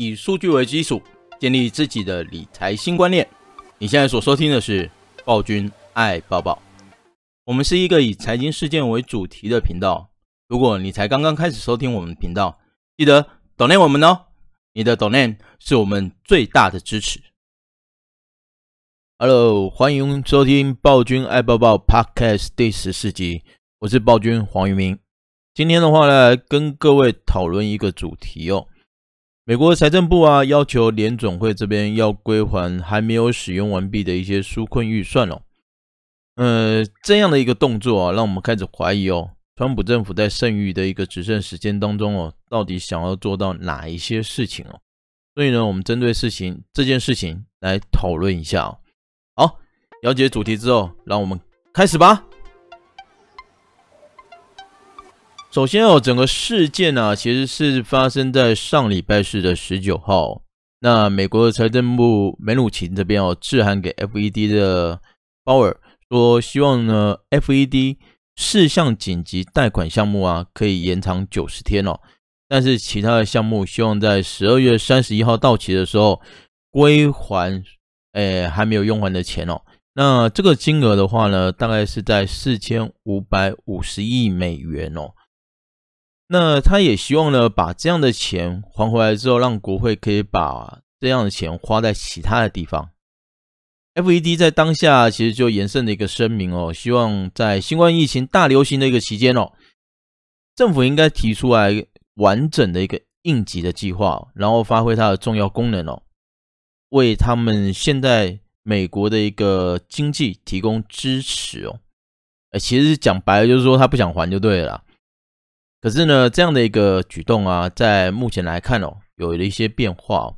以數據為基礎，建立自己的理財新觀念。你現在所收聽的是《暴君愛抱抱》，我們是一個以財經事件為主題的頻道。如果你才剛剛開始收聽我們頻道，記得 donate 我們哦，你的 donate 是我們最大的支持。Hello，歡迎收聽《暴君愛抱抱》Podcast 第十四集，我是暴君黃於銘，今天的話呢，來來跟各位討論一個主題哦。美國財政部啊，要求聯準會這邊要歸還，還還沒有使用完畢的一些紓困預算哦。呃，這樣的一個動作啊，讓我們開始懷疑哦，川普政府在剩餘的一個執政時間當中哦，到底想要做到哪一些事情哦？所以呢，我們針對事情這件事情來討論一下哦。好，了解主題之後，讓我們開始吧。首先哦，整個事件呢、啊，其實是發生在上禮拜四的十九號。那美國的財政部梅努欽這邊哦，致函給 FED 的鮑爾，說希望呢 FED 四項緊急貸款項目啊可以延長九十天哦。但是其他的項目希望在十二月三十一號到期的時候歸還，誒、哎、還沒有用完的錢哦。那這個金額的話呢，大概是在四千五百五十億美元哦。那他也希望呢，把這樣的錢還回來之後，讓國會可以把這樣的錢花在其他的地方。FED 在當下其實就延伸了一個聲明哦，希望在新冠疫情大流行的一個期間哦，政府應該提出來完整的一個應急的計劃，然後發揮它的重要功能哦，為他們現在美國的一個經濟提供支持哦。呃，其實講白了就是說，他不想還就對了。可是呢，這樣的一個舉動啊，在目前來看哦，有了一些變化哦。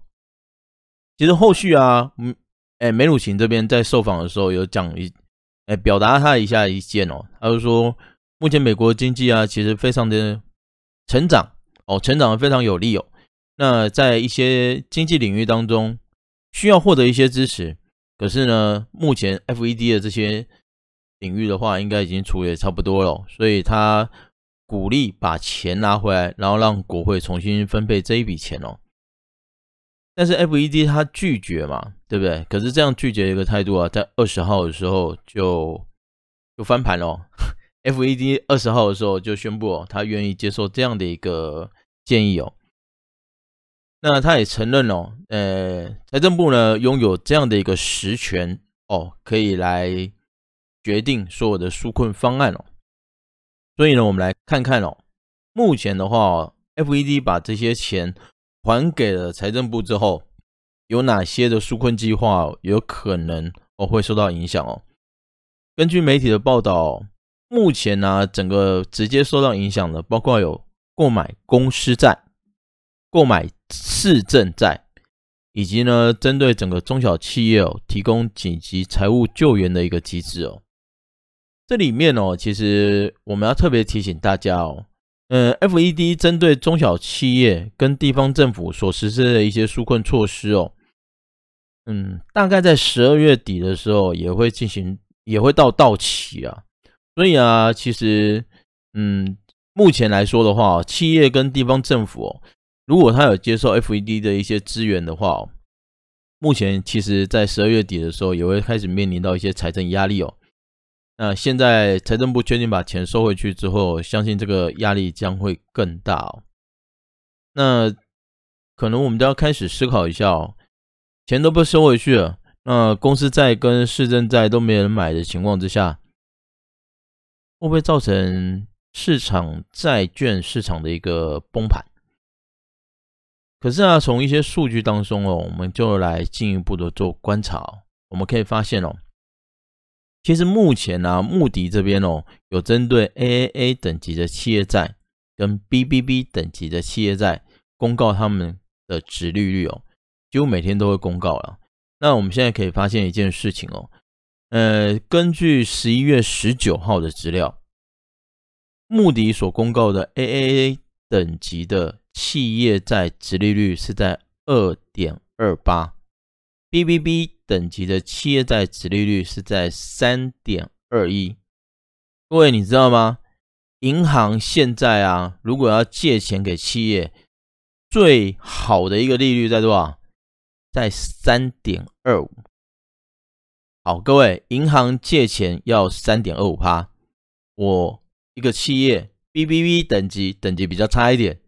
其實後續啊，嗯，哎，梅魯琴這邊在受訪的時候有講一，誒、哎、表達他下一下意見哦。他就說，目前美國經濟啊，其實非常的成長哦，成長的非常有利哦。那在一些經濟領域當中，需要獲得一些支持。可是呢，目前 FED 的這些領域的話，應該已經處理的差不多了，哦，所以他。鼓勵把錢拿回來，然後讓國會重新分配這一筆錢哦。但是 FED 他拒絕嘛，對不對？可是這樣拒絕的一個態度啊，在二十號的時候就就翻盤哦 FED 二十號的時候就宣布哦，他願意接受這樣的一個建議哦。那他也承認哦，呃，財政部呢擁有這樣的一個實權哦，可以來決定所有的紓困方案哦。所以呢，我們來看看哦，目前的話、哦、，FED 把這些錢還給了財政部之後，有哪些的紓困計劃、哦、有可能哦會受到影響哦？根據媒體的報道，目前呢、啊，整個直接受到影響的，包括有購買公司債、購買市政債，以及呢，針對整個中小企業哦提供緊急財務救援的一個機制哦。這裡面哦，其實我們要特別提醒大家哦，嗯、呃，FED 針對中小企業跟地方政府所實施的一些紓困措施哦，嗯，大概在十二月底的時候也會進行，也會到到期啊。所以啊，其實嗯，目前來說的話，企業跟地方政府哦，如果他有接受 FED 的一些資源的話，目前其實，在十二月底的時候也會開始面臨到一些財政壓力哦。那現在財政部決定把錢收回去之後，相信這個壓力將會更大哦。那可能我們都要開始思考一下哦，錢都被收回去了，那公司債跟市政債都沒人買的情況之下，會不會造成市場債券市場的一個崩盤？可是啊，從一些數據當中哦，我們就來進一步的做觀察，我們可以發現哦。其實目前呢、啊，穆迪這邊哦，有針對 AAA 等級的企業債跟 BBB 等級的企業債公告他們的殖利率哦，幾乎每天都會公告了、啊。那我們現在可以發現一件事情哦，呃，根據十一月十九號的資料，穆迪所公告的 AAA 等級的企業債殖利率是在二點二八，BBB。等級的企業債殖利率是在三點二一。各位，你知道嗎？銀行現在啊，如果要借錢給企業，最好的一個利率在多少？在三點二五。好，各位，銀行借錢要三點二五趴。我一個企業，BBB 等級，等級比較差一點，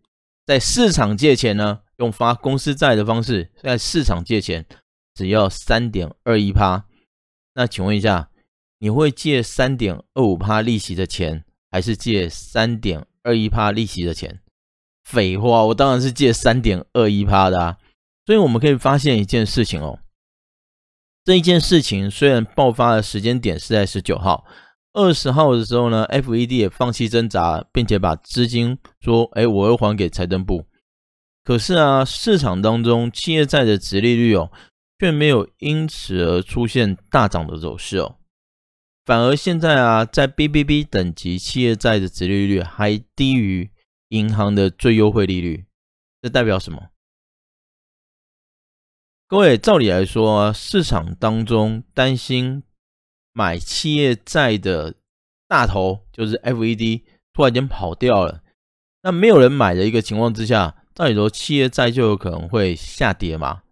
在市場借錢呢，用發公司債的方式在市場借錢。只要三點二一趴，那請問一下，你會借三點二五趴利息的錢，還是借三點二一趴利息的錢？廢話，我當然是借三點二一趴的啊！所以我們可以發現一件事情哦，這一件事情雖然爆發的時間點是在十九號、二十號的時候呢，FED 也放棄掙扎了，並且把資金說，哎，我要還給財政部。可是啊，市場當中企業債的殖利率哦。卻沒有因此而出現大漲的走勢哦，反而現在啊，在 BBB 等級企業債的殖利率還低於銀行的最優惠利率，這代表什麼？各位，照理來說啊，市場當中擔心買企業債的大頭就是 FED 突然間跑掉了，那沒有人買的一個情況之下，照理說企業債就有可能會下跌嘛？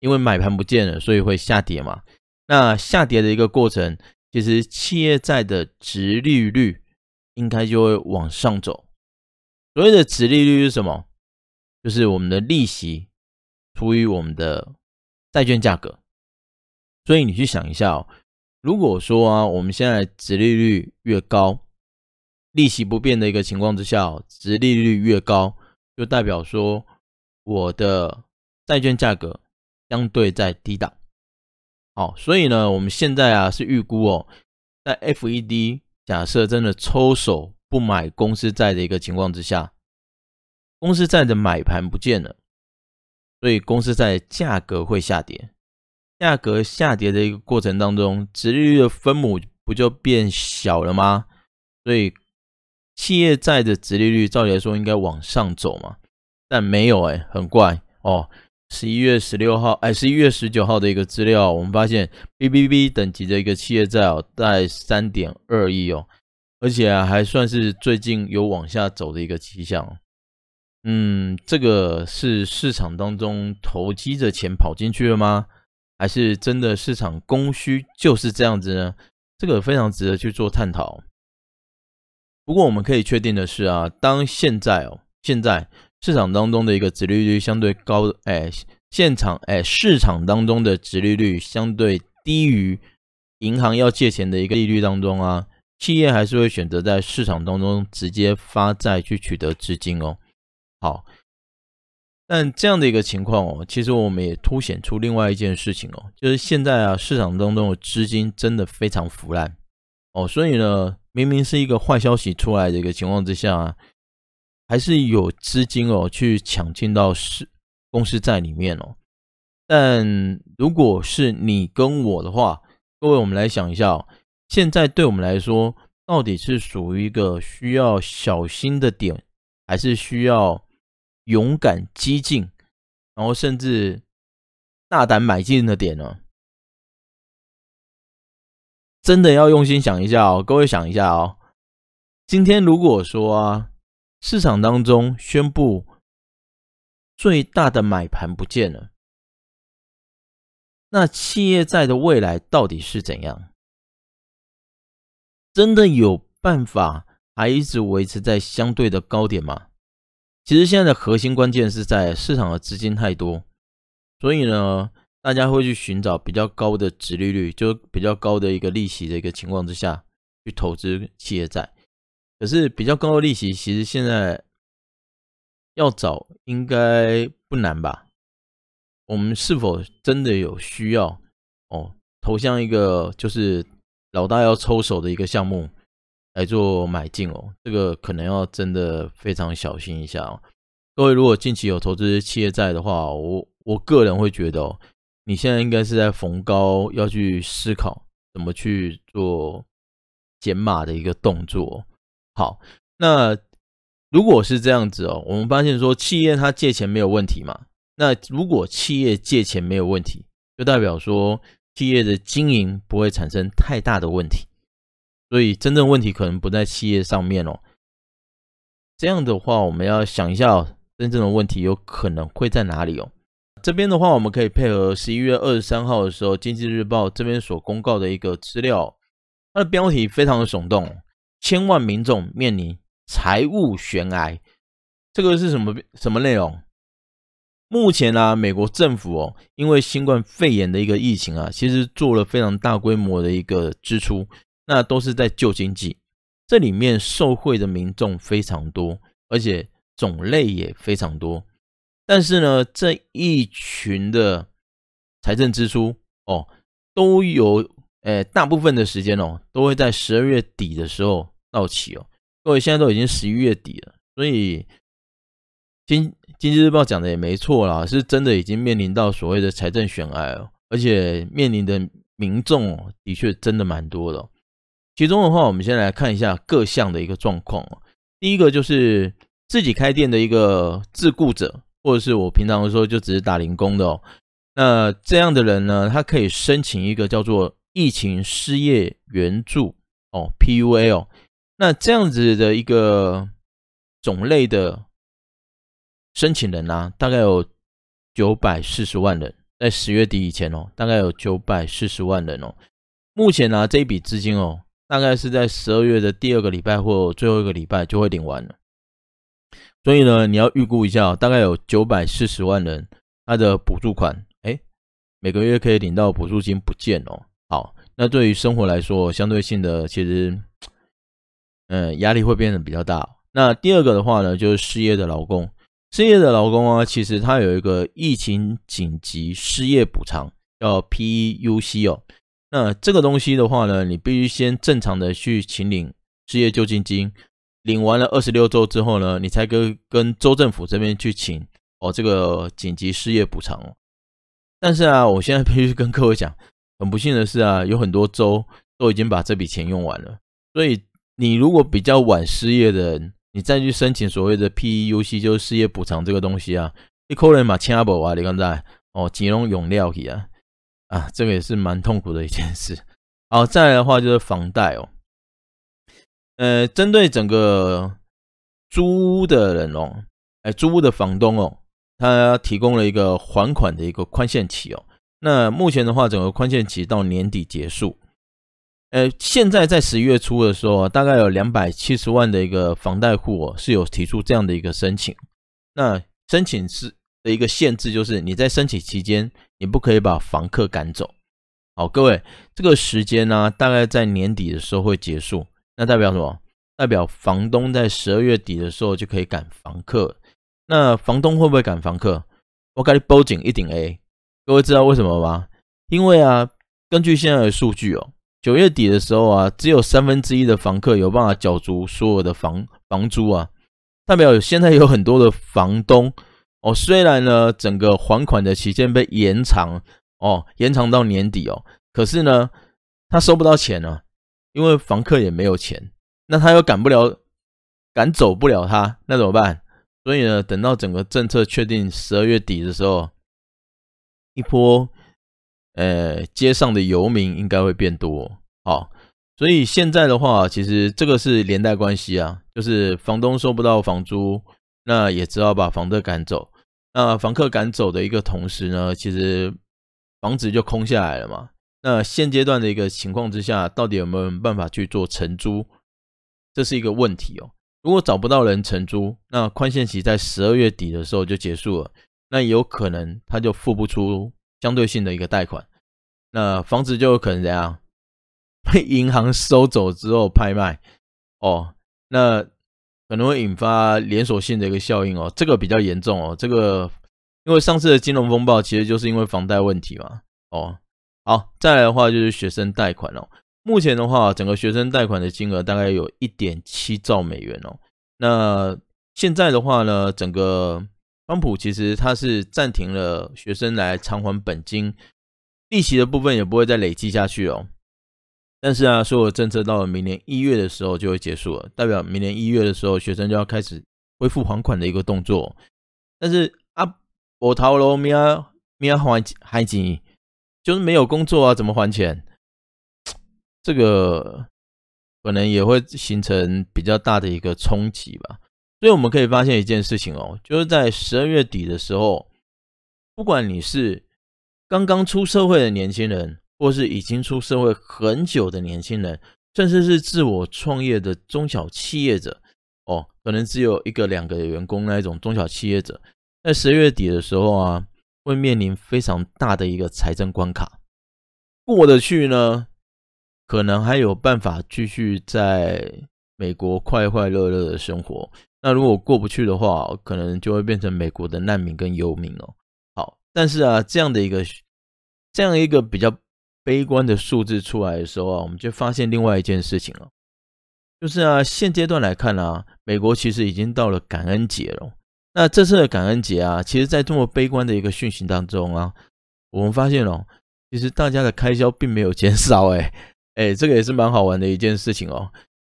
因為買盤不見了，所以會下跌嘛？那下跌的一個過程，其實企業債的殖利率應該就會往上走。所謂的殖利率是什麼？就是我們的利息除以我們的債券價格。所以你去想一下哦，如果說啊，我們現在殖利率越高，利息不變的一個情況之下，殖利率越高，就代表說我的債券價格。相對在低檔，好，所以呢，我們現在啊是預估哦，在 FED 假設真的抽手不買公司債的一個情況之下，公司債的買盤不見了，所以公司債價格會下跌。價格下跌的一個過程當中，殖利率的分母不就變小了嗎？所以企業債的殖利率照理來說應該往上走嘛，但沒有哎、欸，很怪哦。十一月十六號，哎，十一月十九號的一個資料，我們發現 BBB 等級的一個企業債哦，在三點二億哦，而且啊，還算是最近有往下走的一個跡象。嗯，這個是市場當中投機的錢跑進去了嗎？還是真的市場供需就是這樣子呢？這個非常值得去做探討。不過我們可以確定的是啊，當現在哦，現在。市場當中的一個殖利率相對高，哎，現場哎，市場當中的殖利率相對低於銀行要借錢的一個利率當中啊，企業還是會選擇在市場當中直接發債去取得資金哦。好，但這樣的一個情況哦，其實我們也凸顯出另外一件事情哦，就是現在啊，市場當中的資金真的非常腐爛哦，所以呢，明明是一個壞消息出來的一個情況之下啊。還是有資金哦，去搶進到公司債裡面哦。但如果是你跟我的話，各位，我們來想一下哦。現在對我們來說，到底是屬於一個需要小心的點，還是需要勇敢激進，然後甚至大膽買進的點呢？真的要用心想一下哦，各位想一下哦。今天如果說啊。市場當中宣布最大的買盤不見了，那企業債的未來到底是怎樣？真的有辦法還一直維持在相對的高點嗎？其實現在的核心關鍵是在市場的資金太多，所以呢，大家會去尋找比較高的殖利率，就比較高的一個利息的一個情況之下去投資企業債。可是比較高的利息，其實現在要找應該不難吧？我們是否真的有需要哦？投向一個就是老大要抽手的一個項目來做買進哦？這個可能要真的非常小心一下哦。各位如果近期有投資企業債的話，我我個人會覺得哦，你現在應該是在逢高要去思考怎麼去做減碼的一個動作。好，那如果是這樣子哦，我們發現說企業他借錢沒有問題嘛？那如果企業借錢沒有問題，就代表說企業的經營不會產生太大的問題，所以真正問題可能不在企業上面哦。這樣的話，我們要想一下，真正的問題有可能會在哪裡哦？這邊的話，我們可以配合十一月二十三號的時候，《經濟日報》這邊所公告的一個資料，它的標題非常的聳動。千萬民眾面臨財務懸崖，這個是什麼什麼內容？目前呢、啊，美國政府哦，因為新冠肺炎的一個疫情啊，其實做了非常大規模的一個支出，那都是在救經濟，這裡面受惠的民眾非常多，而且種類也非常多。但是呢，這一群的財政支出哦，都有。哎，大部分的時間哦，都會在十二月底的時候到期哦。各位現在都已經十一月底了，所以經經濟日報講的也沒錯啦，是真的已經面臨到所謂的財政懸崖哦，而且面臨的民眾哦，的確真的蠻多的哦。其中的話，我們先來看一下各項的一個狀況哦。第一個就是自己開店的一個自雇者，或者是我平常的時候就只是打零工的哦。那這樣的人呢，他可以申請一個叫做。疫情失業援助哦，PUA，、哦、那這樣子的一個種類的申請人啊，大概有九百四十萬人，在十月底以前哦，大概有九百四十萬人哦。目前拿、啊、這一筆資金哦，大概是在十二月的第二個禮拜或最後一個禮拜就會領完了。所以呢，你要預估一下，大概有九百四十萬人他的補助款，誒，每個月可以領到補助金，不見哦。好，那對於生活來說，相對性的其實，嗯、呃，壓力會變得比較大。那第二個的話呢，就是失業的勞工，失業的勞工啊，其實他有一個疫情緊急失業補償，叫 PEUC 哦。那這個東西的話呢，你必須先正常的去請領失業救濟金，領完了二十六周之後呢，你才可以跟州政府這邊去請哦這個緊急失業補償。但是啊，我現在必須跟各位講。很不幸的是啊，有很多州都已經把這筆錢用完了。所以你如果比較晚失業的人，你再去申請所謂的 PEUC，就是失業補償這個東西啊，有可能嘛簽不啊？你看才哦，急用用料去啊啊，這個也是蠻痛苦的一件事。好，再來的話就是房貸哦，呃，針對整個租屋的人哦，哎，租屋的房東哦，他提供了一個還款的一個寬限期哦。那目前的話，整個寬限期到年底結束。呃，現在在十一月初的時候，大概有兩百七十萬的一個房貸戶哦，是有提出這樣的一個申請。那申請是的一個限制，就是你在申請期間，你不可以把房客趕走。好，各位，這個時間呢、啊，大概在年底的時候會結束。那代表什麼？代表房東在十二月底的時候就可以趕房客。那房東會不會趕房客？我給你報警，一定 A。各位知道為什麼嗎？因為啊，根據現在的數據哦，九月底的時候啊，只有三分之一的房客有辦法繳足所有的房房租啊代表現在有很多的房東哦，雖然呢整個還款的期間被延長哦，延長到年底哦，可是呢，他收不到錢啊，因為房客也沒有錢，那他又趕不了，趕走不了他，那怎麼辦？所以呢，等到整個政策確定十二月底的時候，一波，呃，街上的遊民應該會變多哦，好，所以現在的話，其實這個是連帶關係啊，就是房東收不到房租，那也只好把房客趕走，那房客趕走的一個同時呢，其實房子就空下來了嘛。那現階段的一個情況之下，到底有沒有辦法去做承租，這是一個問題哦。如果找不到人承租，那寬限期在十二月底的時候就結束了。那有可能他就付不出相對性的一個貸款，那房子就有可能怎樣被銀行收走之後拍賣哦，那可能會引發連鎖性的一個效應哦，這個比較嚴重哦，這個因為上次的金融風暴其實就是因為房貸問題嘛哦。好，再來的話就是學生貸款哦，目前的話整個學生貸款的金額大概有一點七兆美元哦，那現在的話呢，整個，川普其實他是暫停了學生來償還本金、利息的部分，也不會再累積下去哦。但是啊，所有政策到了明年一月的時候就會結束了，代表明年一月的時候，學生就要開始恢復還款的一個動作。但是啊，我逃了，沒啊沒啊還還錢，就是沒有工作啊，怎麼還錢？這個可能也會形成比較大的一個衝擊吧。所以我們可以發現一件事情哦，就是在十二月底的時候，不管你是剛剛出社會的年輕人，或是已經出社會很久的年輕人，甚至是自我創業的中小企業者哦，可能只有一個兩個的員工那一種中小企業者，在十二月底的時候啊，會面臨非常大的一個財政關卡。過得去呢，可能還有辦法繼續在美國快快樂樂樂的生活。那如果過不去的話，可能就會變成美國的難民跟遊民哦。好，但是啊，這樣的一個、這樣一個比較悲觀的數字出來的時候啊，我們就發現另外一件事情了、哦，就是啊，現階段來看呢、啊，美國其實已經到了感恩節了。那這次的感恩節啊，其實在這麼悲觀的一個訊息當中啊，我們發現哦，其實大家的開銷並沒有減少哎，哎，這個也是蠻好玩的一件事情哦。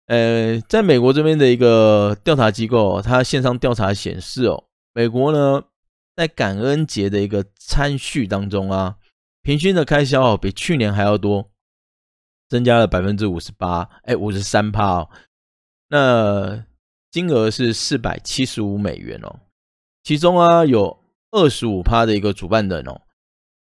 呃、哎，在美國這邊的一個調查機構，它線上調查顯示哦，美國呢在感恩節的一個餐敘當中啊，平均的開銷哦比去年還要多，增加了百分之五十八，哎，五十三趴哦，那金額是四百七十五美元哦，其中啊有二十五趴的一個主辦人哦，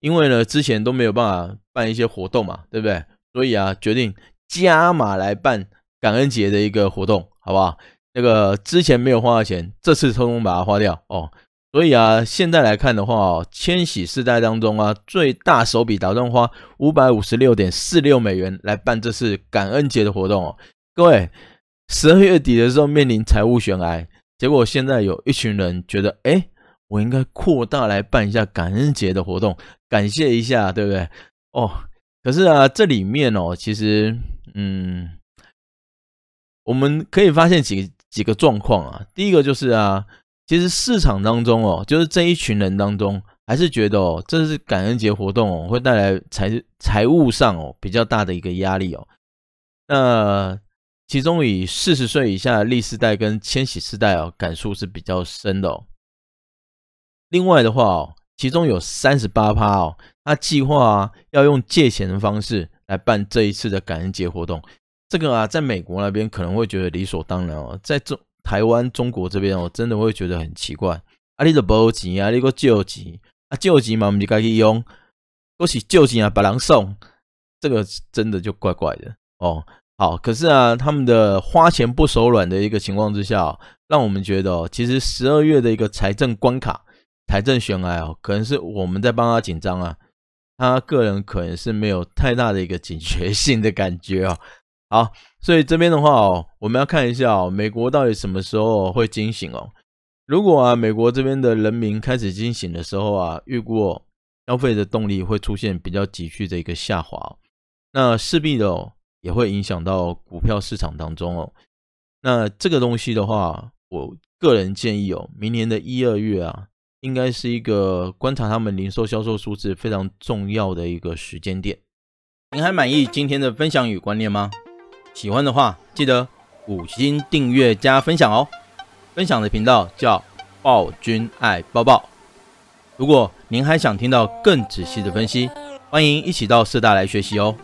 因為呢之前都沒有辦法辦一些活動嘛，對不對？所以啊決定加碼來辦。感恩節的一個活動，好不好？那個之前沒有花的錢，這次偷偷把它花掉哦。所以啊，現在來看的話，千禧世代當中啊，最大手筆打算花五百五十六點四六美元來辦這次感恩節的活動哦。各位，十二月底的時候面臨財務懸崖，結果現在有一群人覺得，哎，我應該擴大來辦一下感恩節的活動，感謝一下，對不對？哦，可是啊，這裡面哦，其實，嗯。我們可以發現幾幾個狀況啊，第一個就是啊，其實市場當中哦，就是這一群人當中，還是覺得哦，這是感恩節活動哦，會帶來財財務上哦比較大的一個壓力哦。那其中以四十歲以下的歷世代跟千禧世代哦，感觸是比較深的哦。另外的話哦，其中有三十八趴哦，他計劃啊，要用借錢的方式來辦這一次的感恩節活動。這個啊，在美國那邊可能會覺得理所當然哦，在中台灣中國這邊，哦，哦真的會覺得很奇怪。阿里的保級啊，那個、啊、救急啊，救急嘛，我們就該去用。我是救急啊，把人送。這個真的就怪怪的哦。好，可是啊，他們的花錢不手軟的一個情況之下，哦，讓我們覺得哦，其實十二月的一個財政關卡、財政懸崖哦，可能是我們在幫他緊張啊，他個人可能是沒有太大的一個警覺性的感覺哦。好，所以這邊的話哦，我們要看一下哦，美國到底什麼時候會驚醒哦？如果啊，美國這邊的人民開始驚醒的時候啊，預估、哦、消費的動力會出現比較急劇的一個下滑，那勢必的、哦、也會影響到股票市場當中哦。那這個東西的話，我個人建議哦，明年的一二月啊，應該是一個觀察他們零售銷售數字非常重要的一個時間點。您還滿意今天的分享與觀念嗎？喜歡的話，記得五星訂閱加分享哦。分享的頻道叫暴君愛抱抱。如果您還想聽到更仔細的分析，歡迎一起到社大來學習哦。